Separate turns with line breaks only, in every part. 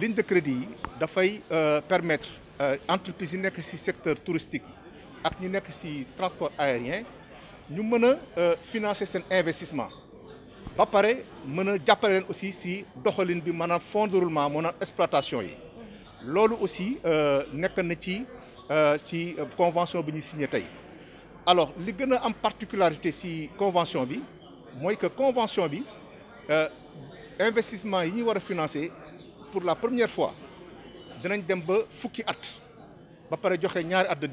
ligne de crédit yi euh, permettre euh, entreprise yi nekk ci secteur touristique ak ñu nekk ci transport aérien ñu mën euh, financer cet investissement ba pare meuna a aussi ci doxalin bi maanaam fond de roulement maanaam exploitation yi lolu aussi euh, nek na ci euh, ci convention bi ñu signé tay alors li gëna am particularité ci convention bi moy que convention bi investissement yi ñuy wara financer pour la première fois dinañ dem ba fukki at ba paré Pour ñaari at de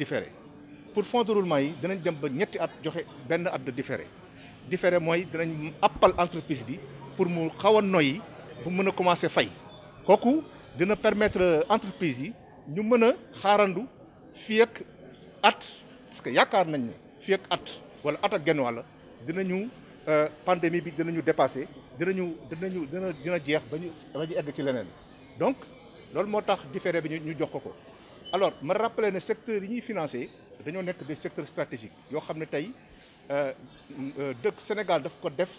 pour fonds de roulement yi dinañ dem ba ñetti at Nous benn at de différé différé moy appal entreprise bi pour mu noy bu commencer fay Koku dina permettre entreprise yi ñu mën xarandu fi ak at parce que yakar nañ ne fi ak at wala at euh, pandémie bi dinañu dépasser dinañu dinañu dina jeex nous donc c'est moo tax est bi ñu jox ko ko alors ma rappeler le secteur yi ñuy financé dañoo nekk des secteurs stratégiques Vous savez, ne euh, euh, Sénégal daf ko def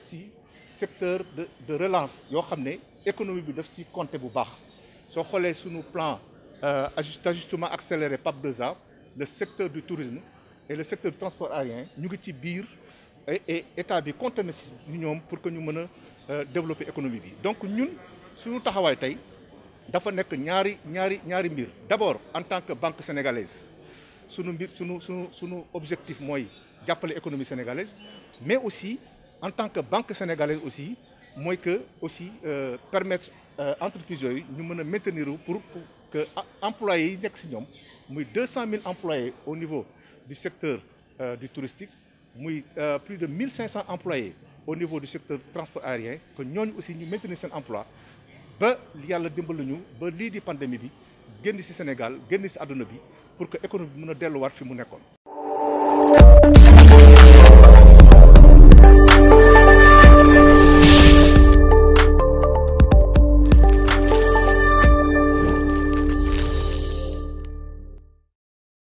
secteur de de relance savez, l'économie ne économie bi daf si compter bu baax soo xoolee suñu plan euh, ajustement accéléré PAP 2A le secteur du tourisme et le secteur du transport aérien nous ngi ci et état bi compter pour que nous puissions développer économie bi donc ñun suñu taxawaay tey d'abord en tant que banque sénégalaise sous nos objectif l'économie sénégalaise mais aussi en tant que banque sénégalaise aussi que aussi euh, permettre euh, entreprises nous maintenir pour que ah, employés nek 200 200 employés au niveau du secteur euh, du touristique plus de 1500 employés au niveau du secteur transport aérien que nous aussi nous maintenir emploi ba yàlla dimbali ñu ba lii di pandémie bi génn ci Sénégal génn ci àdduna bi pour que économie bi mun a delluwaat fi mu nekkoon.